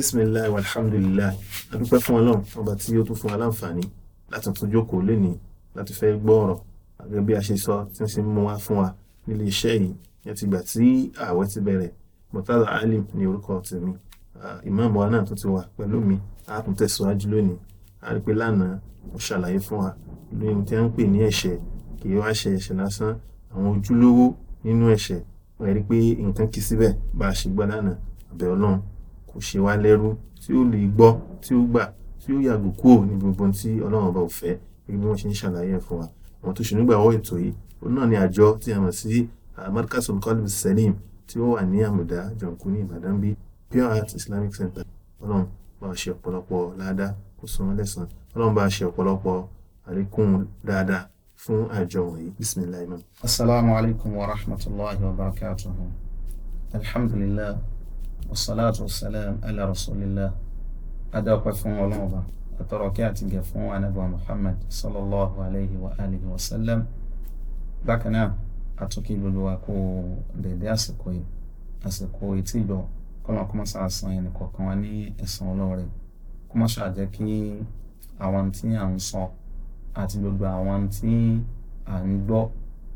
bisimilahi alhamdulilayi adúpẹ́ fún ọlọ́run ọba tí ó tún fún wa láǹfààní láti tún jókòó lénìí láti fẹ́ gbọ́ ọ̀rọ̀ gẹ́gẹ́ bí a ṣe sọ tí ń ṣe mú wa fún wa nílé iṣẹ́ yìí yẹn ti gbà tí ààwẹ̀ ti bẹ̀rẹ̀ murtaza alim ní orúkọ tèmi ìmáàmù wa náà tó ti wà pẹ̀lú mi a kún tẹ̀síwájú lónìí a rí pé lánàá mo ṣàlàyé fún wa lóyún tí a ń pè ní ẹ̀ṣẹ̀ kì í wá ṣe ẹ̀ṣẹ̀ lásán àwọn ojúlówó nínú ẹ̀ṣẹ̀ wọ́n rí pé nǹkan kì í síbẹ̀ bá a ṣe gbọ́ lánàá àbẹ̀ ọlọ́run kò ṣe wá lẹ́rú tí ó lè gbọ́ tí ó gbà tí ó yàgò kúrò ní gbogbo tí ọlọ́run ọba ò fẹ́ gẹ́gẹ́ bí wọ́n ṣe ń ṣàlàyé ẹ̀ fún wa àwọn tó ṣùnúgbà ọwọ́ ètò yìí òun náà ni àjọ tí a mọ̀ sí markasul qalb selim tí ó wà ní àmùdá jọ̀ǹkú ní ìbàdàn bíi pure art islamic center ọlọ́run bá a ṣe ọ̀pọ̀lọpọ̀ ládàá kó san án lẹ́san ọlọ́run bá a ṣe ọ̀pọ̀lọpọ̀ àlékún dáadáa fún àjọ wọ̀nyí bisimilayi. asalaamualeykum wa rahmatulahi wa barakatuhu alhamdulilayi wasalaatu wasalaam ala rasulillah adáwọ̀pẹ́ fún ọlọ́run ọba àtọ̀rọ̀ kí àti gẹ̀ fún anábọ̀ muhammad sallallahu alayhi wa alihi wa sallam bákan náà àtúnkì gbogbo wa kó dèdè àsìkò yìí àsìkò etí ìgbọ̀ kọ́nà kó má sá san ẹnì kọ̀ọ̀kan wa ní ẹ̀san olóore kó má ṣáà jẹ́ kí àwọn tí à ń sọ àti gbogbo àwọn tí à ń gbọ́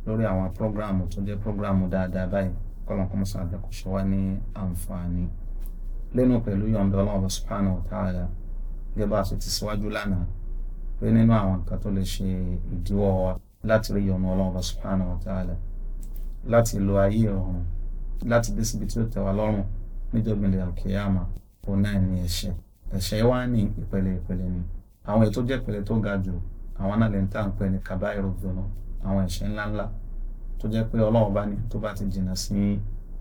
lórí àwọn prógráàmù tó jẹ́ prógráàmù dáadáa báyìí kọ́lọ́n kọ́ mọ́sán àjẹkù ṣe wá ní àǹfààní lẹ́nu pẹ̀lú yọ̀ǹda ọlọ́run subhanahu wa ta'ala gẹ́gẹ́ bá a ṣe ti síwájú lánàá pé nínú àwọn nǹkan tó lè ṣe ìdíwọ́ wa láti rí yọ̀ǹda ọlọ́run subhanahu wa ta'ala láti lo ayé ìrọ̀rùn láti dé síbi tí ó tẹ̀ wá lọ́rùn níjọba ilẹ̀ alkiyama náà ní ẹ̀ṣẹ̀ ẹ̀ṣẹ̀ wá ní ìpele ìpele ni àwọn ètò jẹ́ ìpele tó ga jù àwọn náà ń tà ń pè ní kàbáyé rògbòmọ́ àwọn ẹ̀ṣẹ̀ ńláńlá tó jẹ́ pé ọlọ́run bá ní tó bá ti jìnnà sí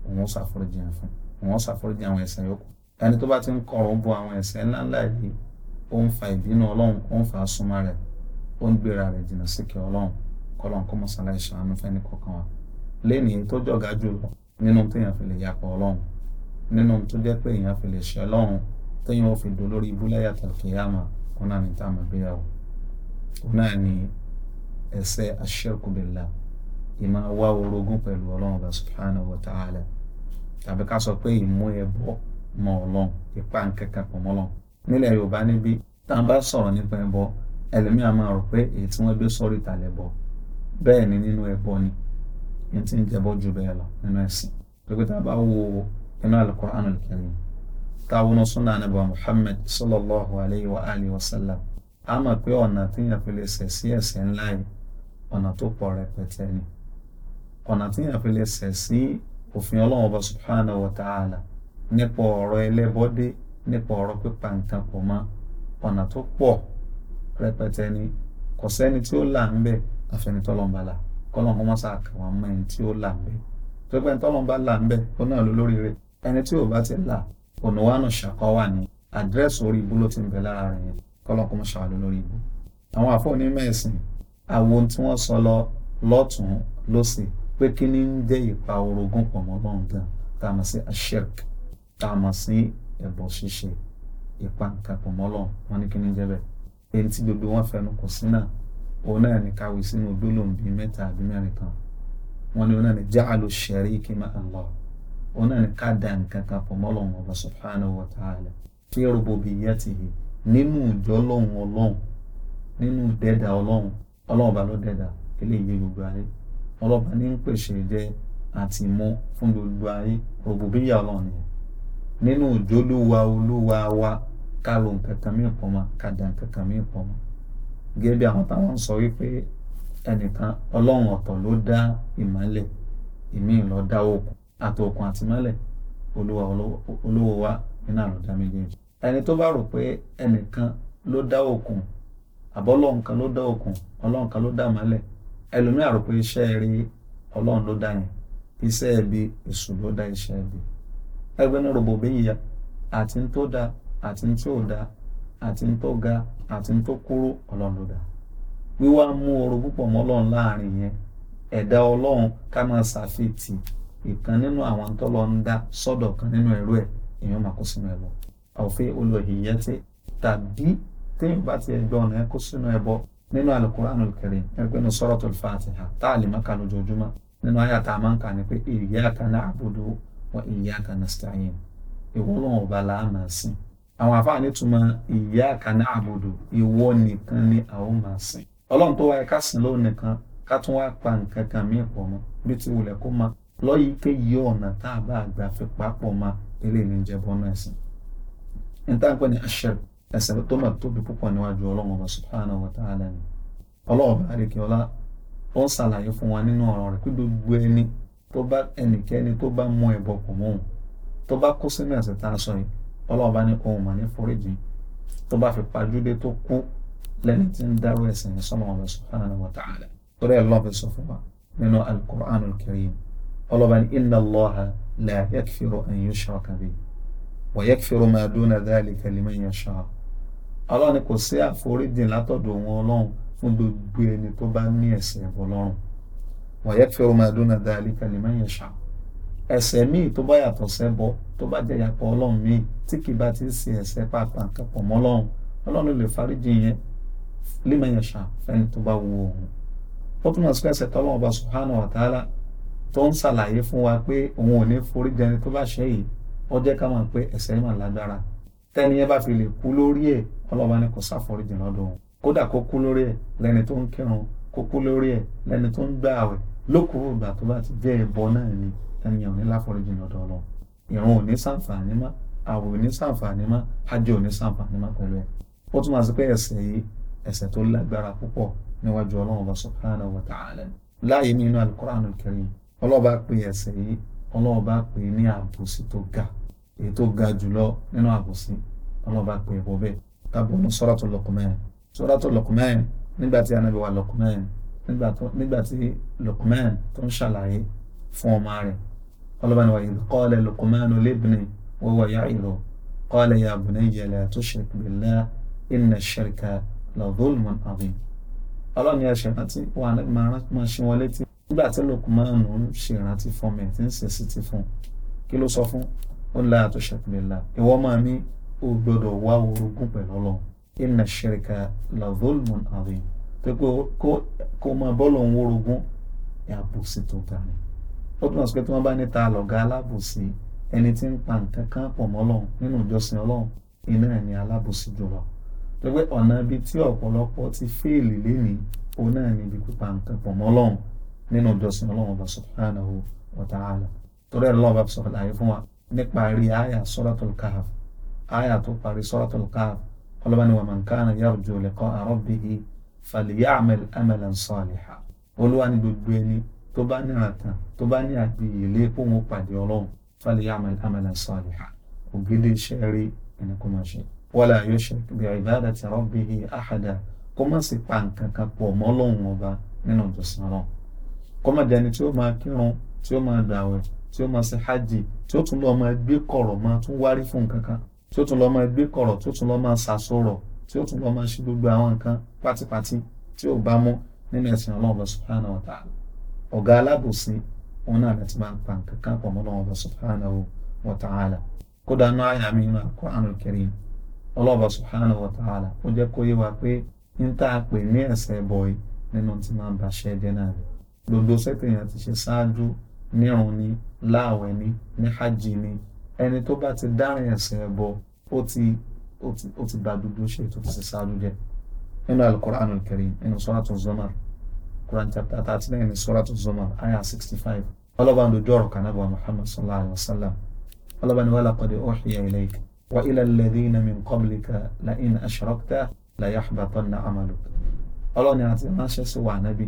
òun ṣàforíjì yẹn fún òun ṣàforíjì àwọn ẹ̀ṣẹ̀ yòókù ẹni tó bá ti ń kọ̀rọ̀ bo àwọn ẹ̀ṣẹ̀ ńláńlá yìí ó ń fa ìbínú ọlọ́run ó ń fa súnmọ́ rẹ̀ ó ń gbéra rẹ̀ jìnnà síkẹ́ ọlọ́run kọ́lọ́n kọ́ mọ́sálá ìṣàánú fẹ́ni kọ̀ọ̀kan wa lẹ́nìí tó jọ̀gá jù lọ nínú téèyàn fi lè yapa ọlọ́run nínú tó jẹ́ pé èèyàn fi lè ṣe ọlọ́run téèyàn ò fi dò lórí ibú láyà tàkìyàmà òun náà ní táwọn àgbéyàwó òun náà ní ẹ̀ṣẹ̀ aṣirku billah ìmọ̀ wá orogún pẹ̀lú ọlọ́run bá subhanahu wa ta'ala tàbí ká sọ pé ìmú ẹbọ mọ ọlọ́run ipa nkankan pọ̀ mọ́ ọlọ́run nílẹ̀ yorùbá níbi tá à ń bá sọ̀rọ̀ nípa ẹbọ ẹlòmíà máa rò pé èyí tí wọ́n gbé sọ́rí ìtàlẹ̀ bọ̀ bẹ́ẹ̀ ni nínú ẹbọ ni ní ti ń jẹbọ ju bẹ́ẹ̀ lọ nínú ẹ̀sìn pé tá a bá wo inú al-Qur'an al-Karim táwọn súnà níbo Muhammad sallallahu alayhi wa alihi wa sallam a mọ̀ pé ọ̀nà tí yẹn fi lè sẹ̀ sí ẹ̀ṣẹ̀ ńlá yìí ọ̀nà tó pọ̀ rẹpẹtẹ ni ọ̀nà tí èèyàn fi lè ṣẹ̀ sí òfin ọlọ́run ọba subhanahu wa ta'ala nípa ọ̀rọ̀ ẹlẹ́bọ́dé nípa ọ̀rọ̀ pípa nǹkan pọ̀ mọ́ ọ̀nà tó pọ̀ rẹpẹtẹ ni kò sẹ́ni tí ó là ń bẹ̀ àfẹnitọ́lọ́mbala kọ́lọ́n kọ́mọ́ sáà kà wọ́n mọ ẹni tí ó là ń bẹ̀ tó pẹ́ tọ́lọ́mbà là ń bẹ̀ ó náà ló lórí rẹ̀ ẹni tí ò bá ti là ònà wa nù ṣàkọ́ wà ní àdírẹ́sì orí ibú ló ń bẹ lára rẹ̀ yẹn kọ́lọ́n kọ́mọ́ sáà ló lórí ibú. àwọn àfọ̀ onímọ̀ ẹ̀sìn àwọn tí wọ́n sọ lọ lọ́tún lọ́sìn pé kí ni ń jẹ́ ìpa orogún pọ̀ mọ́ Ọlọ́run gan tá a mọ̀ sí ashirk tá a mọ̀ sí ẹbọ ṣíṣe ìpa nǹkan pọ̀ mọ́ Ọlọ́run wọn ní kí ni ń jẹ́ bẹ́ẹ̀ èyí tí gbogbo wọn fẹnu kò sí náà òun náà ní káwé sínú gbólóhùn bíi mẹ́ta àbí mẹ́rin kan wọn ní òun náà ní ja'alu shariki ma Allah òun náà ní ká da nǹkan kan pọ̀ mọ́ Ọlọ́run ọba subhanahu wa ta'ala fi rububiyyatihi nínú ìjọ Ọlọ́run Ọlọ́run nínú dẹ́dà Ọlọ́run Ọlọ́run ọba ló dẹ́dà eléyìí gbogbo ayé ọlọ́ba ní pèsè jẹ́ àti mọ́ fún gbogbo ayé òbò bí ìyá ọlọ́run yẹn nínú òjòlúwa olúwa wa ká lo nǹkan kan mí pọ̀ mọ́ ká da nǹkan kan mí pọ̀ mọ́ gẹ́gẹ́ bí àwọn táwọn ń sọ wípé ẹnìkan ọlọ́run ọ̀tọ̀ ló dá ìmọ́lẹ̀ ìmí ló dá òkun àtòkun àti mọ́lẹ̀ olúwa olówó wa nínú àlọ́dá méjèèjì ẹni tó bá rò pé ẹnìkan ló dá òkun àbọ́lọ́run ló dá òkun ọlọ́run ló dá mọ́lẹ̀ ẹlòmíràn rò pé iṣẹ́ rí ọlọ́run ló dá yẹn iṣẹ́ ẹbí èṣù ló dá iṣẹ́ ẹbí ẹgbẹ́ ní robo àti ń tó da àti ń tí ò da àti ń tó ga àti ń tó kúrú ọlọ́run ló dá wíwá mú oru púpọ̀ mọ́ ọlọ́run láàrin yẹn ẹ̀dá ọlọ́run kan nínú ẹ̀rú ẹ̀ èèyàn máa kó sínú ẹ̀ lọ tàbí ti nínú alukur'anul karim ẹgbẹ́ ní suratul fatiha tá a lè má ka lójoojúmọ́ nínú àyà tá a máa ń kà ní pé iyyaka na'budu wa iyyaka nasta'in ìwọ lọ́wọ́ ọba la máa sìn àwọn àfáà nítumọ̀ iyyaka na'budu ìwọ nìkan ni àwọn máa sìn ọlọ́run tó wáyé ká sìn lóun nìkan ká tún wá pa nǹkan kan míì pọ̀ mọ́ bí ti wulẹ̀ kó ma lọ́yìí pé yí ọ̀nà tá a bá àgbà fi pàápọ̀ ma eléyìí ní jẹ́ bọ́nà ẹ̀sìn. ní táǹpẹ́ ni aṣẹ́rù ẹ̀ṣẹ̀ tó mà tóbi púpọ̀ níwájú ọlọ́run ọba subhanahu wa ta'ala ni ọlọ́run bá rí kí ọlá ó ń ṣàlàyé fún wa nínú ọ̀rọ̀ rẹ̀ pé gbogbo ẹni tó bá ẹnikẹ́ni tó bá mọ ẹ̀bọ pọ̀ mọ́ òun tó bá kó sínú ẹ̀ṣẹ̀ tá a sọ yìí ọlọ́run bá ní ohun mà ní foríjì tó bá fi pajúdé tó kú lẹ́ni tí ń dárò ẹ̀ṣẹ̀ yẹn sọ́nà ọba subhanahu wa ta'ala torí ẹ̀ lọ́ọ̀fẹ́ sọ fún wa nínú al-Qur'anul Karim ọlọ́ba ní inna Allaha la ọlọ́run ni kò sí àforíjìn látọ̀dọ̀ òun ọlọ́run fún gbogbo ẹni tó bá ní ẹ̀ṣẹ̀ ọlọ́run wàyẹ́ fẹ́ ọmọ àdúnà dáàlì kẹlẹ́ mẹ́yìn ṣá ẹ̀ṣẹ̀ míì tó bá yàtọ̀ sẹ́bọ tó bá jẹ́ yàpọ̀ ọlọ́run míì tí kì bá ti ṣe ẹ̀ṣẹ̀ pàpà kẹpọ̀ mọ́ ọlọ́run ọlọ́run lè foríjìn yẹn límẹ̀yìn ṣá fẹ́ni tó bá wu òun ó túmọ̀ sí ẹ̀ṣẹ̀ tọ́lọ́run ọba subhanahu wa tó ń ṣàlàyé fún wa pé òun ò ní foríjìn ẹni tó bá ṣe ó jẹ́ ká mọ̀ pé ẹ̀ṣẹ̀ mà lágbára tẹ́ni yẹn bá fi lè kú lórí ẹ̀ ọlọ́ba ni kò sáforíjì lọ́dọ̀ òun kódà kó kú lórí ẹ̀ lẹ́ni tó ń kírun kó kú lórí ẹ̀ lẹ́ni tó ń gbà àwẹ̀ lókùrú ìgbà tó bá ti jẹ́ ẹbọ náà ni ẹnìyàn ò ní láforíjì lọ́dọ̀ ọlọ́run ìrun ò ní sàǹfààní mọ́ àwẹ̀ ò ní sàǹfààní mọ́ hajj ò ní sàǹfààní mọ́ pẹ̀lú ẹ̀ ó túmọ̀ sí pé ẹ̀ṣẹ̀ yìí ẹ̀ṣẹ̀ tó lágbára púpọ̀ níwájú ọlọ́run ọlọ́ba pe ẹ̀ṣẹ̀ yìí ga èyí tó ga jùlọ nínú àbòsí ọlọ́ba pe ẹ̀bọ bẹ́ẹ̀ tàbọ̀nù suratul Luqman suratul Luqman nígbà tí anabi wa Luqman nígbà tí Luqman tó ń ṣàlàyé fún ọmọ rẹ̀ ọlọ́bàá ni wa idh qala Luqmanu libnihi wa huwa ya'izuhu qala ya bunayya la tushrik billah inna ash-shirka la dhulmun adhim ọlọ́ni ẹ̀ṣẹ̀ rántí wà máa ṣe wọn létí nígbà tí Luqmanu ń ṣe ìrántí fún mi ṣe sí ti fún kí ló sọ o gbọ́dọ̀ wá orogún pẹ̀lú ọlọ́run inna shirka la zulmun azim pé kó kó máa bọ́ọ̀lù òun orogún àbòsí tó ga ni ó túmọ̀ sí pé tí wọ́n bá ní ta lọ̀gá alábòsí ẹni tí ń pa nǹkan kan pọ̀ mọ́ ọlọ́run nínú ìjọsìn ọlọ́run iná ẹ̀ ní alábòsí jùlọ tó pé ọ̀nà ibi tí ọ̀pọ̀lọpọ̀ ti fẹ́ẹ̀lì lénìí òun náà ní ibi pípa nǹkan pọ̀ mọ́ ọlọ́run nínú ìjọsìn ọlọ́run ọba subhanahu wa ta'ala torí ẹ̀ lọ́wọ́ bá sọ̀rọ̀ láyé fún wa nípa rí àyà Suratul Kahf àyà tó parí Suratul Kahf ọlọ́ba ni wa man kana yarju liqa'a rabbihi falya'mal amalan salihan olúwa ni gbogbo ẹni tó bá ní àtàn tó bá ní àgbìyèlé kóhun pàdé ọlọ́run falya'mal amalan salihan ògidì iṣẹ́ rí ẹni kó máa ṣe. wala yushrik bi ibadati rabbihi ahada kó má sì pa nǹkan kan pọ̀ mọ́ ọlọ́run ọba nínú ìjọsìn ọlọ́run kó má jẹ́ tí ó máa kírun tí ó máa gbààwẹ̀ tí ó máa ṣe hajj tí ó tún lọ́ọ́ máa gbé kọ̀rọ̀ máa tún wárí fún nǹkan kan tí ó tún lọ́ máa gbé kọ̀rọ̀ tí ó tún lọ́ máa ṣàṣọrọ̀ tí ó tún lọ́ máa ṣe gbogbo àwọn nǹkan pátípátí tí ò bá mú nínú ẹ̀sìn ọlọ́run subhanahu wa ta'ala ọ̀gá alábòsí òun náà láti máa ń pa nǹkan kan pọ̀ mọ́ ọlọ́run subhanahu wa ta'ala kódà náà àyà mi nínú Al-Qur'an al-Karim ọlọ́run subhanahu wa ó jẹ́ kó yé wa pé ń ẹni tó bá ti dárin ẹ̀sìn rẹ̀ bọ̀ ó ti ó ti ó ti bà dúdú ṣe tó ti ṣe ṣáájú jẹ́ nínú alukur'an al-karim nínú suratu zomar quran chapter thirty nine ní suratu zomar ayah sixty five ọlọ́ba ń dojú ọ̀rọ̀ kan àbọ̀ muhammad sallallahu alayhi wa sallam ọlọ́ba ni wàhálà kọ́dé uhiya ilayka wa ila alladhina min qablika la in ashrakta la yahbatanna amaluk ọlọ́ni àti ránṣẹ́ sí wa nábì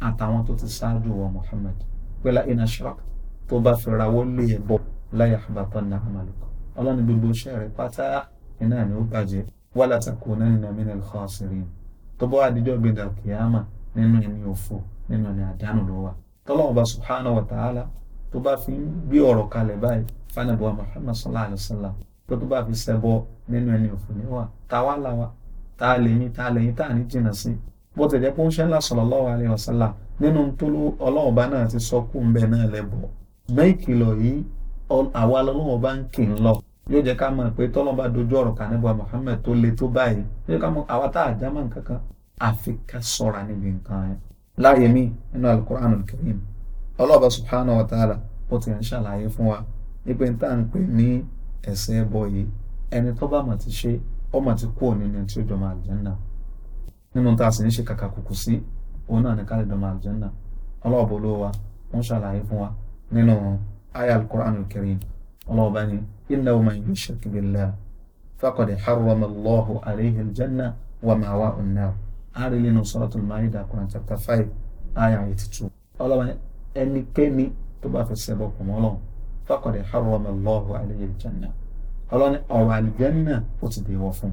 àtàwọn tó ti ṣáájú wa muhammad pé la in tó bá fi rawọ́ lé ẹ̀ e láyà àbàtọ̀ ní àmàlùkù ọlọ́ni gbogbo iṣẹ́ rẹ̀ pátá iná ni ó bàjẹ́ wà látàkù náà nínú mí nílùú khasirin tó bọ́ àdíjọ́ gbẹdà kìámà nínú ẹni òfò nínú ẹni àdánù ló wà tọ́lọ́wọ́n bá subhanahu wa ta'ala tó bá fi gbé ọ̀rọ̀ kalẹ̀ báyìí fanabuwa muhammad sallallahu alayhi wa sallam tó tó bá fi ṣẹbọ nínú ẹni òfò ní wà táwa làwà táà lẹ́yìn táà lẹ́yìn táà ní jìnnà sí bó ti jẹ́ pé ńlá sallallahu alayhi àwa alọlọ bá ń kì í lọ yóò jẹ́ ká mọ̀ pé tọ́lọ́ba dojú ọ̀rọ̀ kan níbo tó le tó báyìí yóò ká mọ̀ àwa tá a já mọ́ nǹkan kan àfi ká sọ̀ra níbi nǹkan yẹn. láàyè mi fún wa n tá ń pè ní yìí ẹni tó bá mà ti ṣe ó mà ti kú òní tí ó jọ máa Al-Jannah nínú tá a sì ń fún wa nínú aya al-Qur'an al-Karim ọlọ́wọ́ bá ní innahu man yushrik billah faqad harrama Allahu alayhi al-janna wa ma'wahu an-nar àárín nínú Suratul Ma'idah Qur'an chapter five aya eighty two ọlọ́wọ́ ẹnikẹ́ni tó bá fi ṣẹbọ kù mọ́ Ọlọ́run faqad harrama Allahu alayhi al-janna ọlọ́ni ọ̀rọ̀ àlìjẹ́nà ó ti dèwọ̀ fún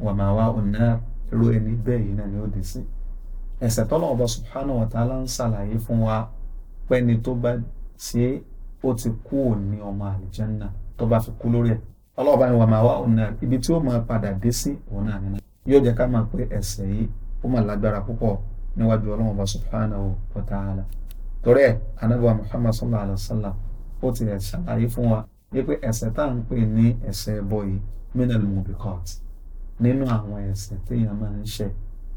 wa ma'wahu an-nar ro ẹni bẹ́ẹ̀ yìí náà ni ó dé sí ẹ̀ṣẹ̀ tọ́lọ́wọ́ bá subhanahu wa ta'ala ń ṣàlàyé fún wa pẹ́ni tó bá ṣe é ó ti kú òní ọmọ àlìjánná tó bá fi kú lórí ẹ̀ ọlọ́run bá ní wà máa wá òun náà ibi tí ó máa padà dé sí òun náà nínú yóò jẹ́ ká máa pé ẹ̀ṣẹ̀ yìí ó máa lágbára púpọ̀ níwájú ọlọ́run bá subhanahu wa ta'ala torí ẹ̀ anábọ̀ muhammad sallallahu alayhi wa sallam ó ti ẹ̀ ṣàlàyé fún wa wípé ẹ̀ṣẹ̀ tá à ń pè ní ẹ̀ṣẹ̀ ẹbọ yìí minal mubiqat nínú àwọn ẹ̀ṣẹ̀ téèyàn máa ń ṣe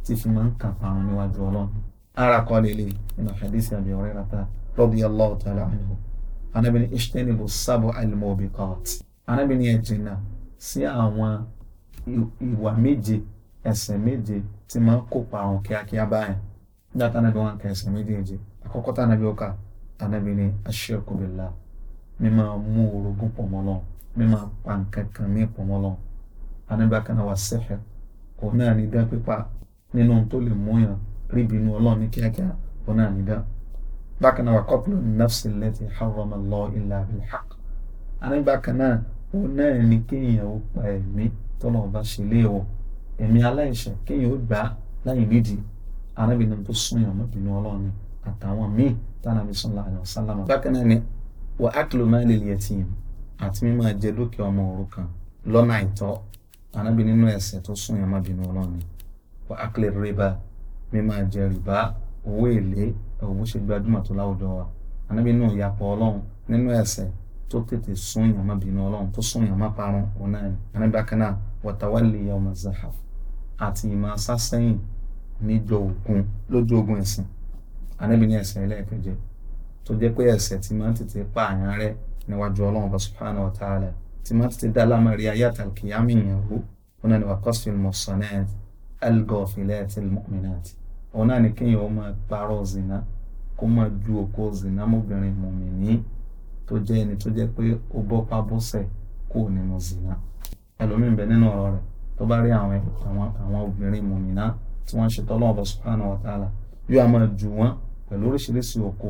tí fi máa ń kàn parun níwájú ọlọ́run ara kọ́ lélẹ̀ nínú hadith Abi Hurairah radiyallahu ta'ala anhu anábì ní ìṣẹ́ni bò sábọ̀ al-mubiqat anábì ní ẹ jìnnà sí àwọn ìwà méje ẹ̀ṣẹ̀ méje tí máa ń kópa àwọn kíákíá báyìí nígbà anábì wọn kà ẹ̀ṣẹ̀ méjèèje àkọ́kọ́ tá anábì ọkà anábì ní aṣirku billah mímọ́ mú orogún pọ̀ mọ́ Ọlọ́run mímọ́ pa nǹkan kan ní pọ̀ mọ́ Ọlọ́run anábì akánà wà sihr òun náà ní dá pípa nínú tó lè mú yàn ríbi inú Ọlọ́run ní kíákíá òun bákan náà kọ́pùlù nafsi lẹ́tì harrama Allah illa bil haqq àní bákan náà ó náà ní kéèyàn ó pa ẹ̀mí tọ́lọ́run bá ṣe léèwọ̀ ẹ̀mí aláìṣẹ̀ kéèyàn ó gbà á láyé nídìí arábìnrin tó súnyàn mọ́bìnrin ọlọ́run àtàwọn míì tánà bí sọ́nà àlọ́ sálámà. bákan náà ni wà aklu malil yatim àti mímọ́ jẹ dúkìá ọmọ òrukàn lọ́nà àìtọ́ arábìnrin nínú ẹ̀ṣẹ̀ tó súnyàn mọ́bìnrin ọlọ́run wà aklu riba mímọ́ jẹ rìbá owó èlé ẹ̀wọ̀ bó ṣe gbajúmọ̀ tó láwùjọ wa anábì náà yàpọ̀ ọlọ́run nínú ẹ̀ṣẹ̀ tó tètè sún yàn má bínú ọlọ́run tó sún yàn má parun òun náà ni anábì akẹ́nà wọ̀tawálì yawma zahaf àti ìmọ̀ sásẹ́yìn níjọ ogun lójú ogun ẹ̀sìn anábì ní ẹ̀ṣẹ̀ ẹlẹ́ẹ̀kẹjẹ tó jẹ́ pé ẹ̀ṣẹ̀ tí máa ń tètè pa àyàn rẹ níwájú ọlọ́run bá subhanahu wa ta'ala tí máa ń tètè dá lámàrí ayé àtàkìyàmì ìyàwó òun náà ni wà kọ́sìfìl mọ̀sánẹ́ẹ̀tì algọ́fìlẹ́ẹ̀tì mọ́mìnàtì òun náà ni kéèyàn ó máa parọ́ zìnà kó máa ju òkú zìnà mọ́bìnrin mùmìnì tó jẹ́ ẹni tó jẹ́ pé ó bọ́ pábọ́sẹ̀ kó nínú zìnà ẹlòmíín bẹ nínú ọ̀rọ̀ rẹ̀ tó bá rí àwọn àwọn obìnrin mùmìnà tí wọ́n ń ṣe tọ́lọ́ ọ̀bọ̀ subhanahu wa ta'ala yóò máa jù wọ́n pẹ̀lú oríṣiríṣi òkò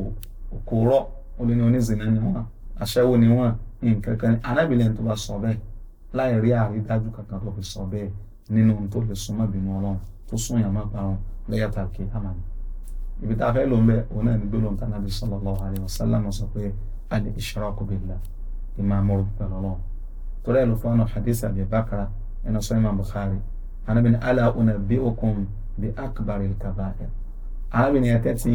òkò rọ́ ó lé ní onízìnà ni wọ́n aṣẹ́wó ni wọ́n nǹkan kan anábìlẹ̀ tó bá sọ bẹ́ẹ̀ láì rí àrídájú kankan tó fi sọ bẹ́ẹ̀ nínú tó lè súnmọ́ ìbínú ọlọ́run tó sún yàn má parun lẹ́yà tá a kì í hàmà ní. ibi tá a fẹ́ lò ń bẹ òun náà ní gbólóhùn tánàbí sallallahu alaihi wasallam sọ pé alẹ́ ishraku billah ìmáa mọ́rù pẹ̀lú ọlọ́run. torí ẹ̀ ló fọ́nà hadith Abi Bakra ẹ̀nà sọ Imam Bukhari anábì ní ala unabbi'ukum bi akbaril kaba'ir anábì ní ẹ̀tẹ́ tí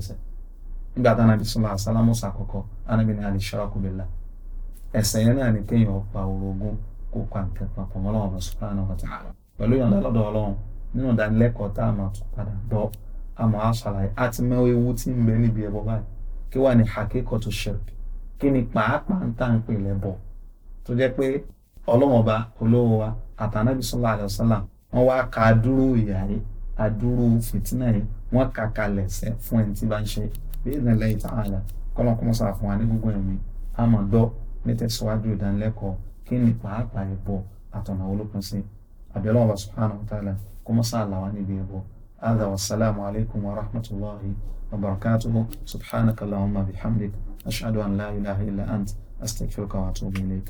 yín nígbàtà náà bisimilá asálámùsà àkọ́kọ́ anábì ní alìṣọ́ràkù bìlá ẹ̀ṣẹ̀ yẹn náà ni kéèyàn pa orogún kó pa nǹkan papọ̀ mọ́ Ọlọ́run subhanahu wa ta'ala pẹ̀lú ìyọ̀ǹda lọ́dọ̀ Ọlọ́run nínú ìdánilẹ́kọ̀ọ́ tá a máa tún padà bọ́ a máa a ti mọ ewu tí ń bẹ níbi ẹbọ báyìí kí wà ní tó kí ni pàápàá ń tà ń pè lẹ́bọ̀ tó jẹ́ pé Ọlọ́run ọba olówó wa bíyìnà lẹ́yìn tààlà kọ́lọ́n kọ́ mọ́sá fún wa ní gbogbo ẹ̀mí a máa gbọ́ ní tẹ̀síwájú ìdánilẹ́kọ̀ọ́ kí ni pàápàá ẹ̀bọ àtọ̀nà olókun sí abẹ́lẹ́ ọba subhanahu wa ta'ala kọ́ mọ́sá àlàwà níbi ẹ̀bọ هذا والسلام عليكم ورحمة الله وبركاته سبحانك اللهم بحمدك أشهد أن لا إله إلا أنت أستغفرك وأتوب إليك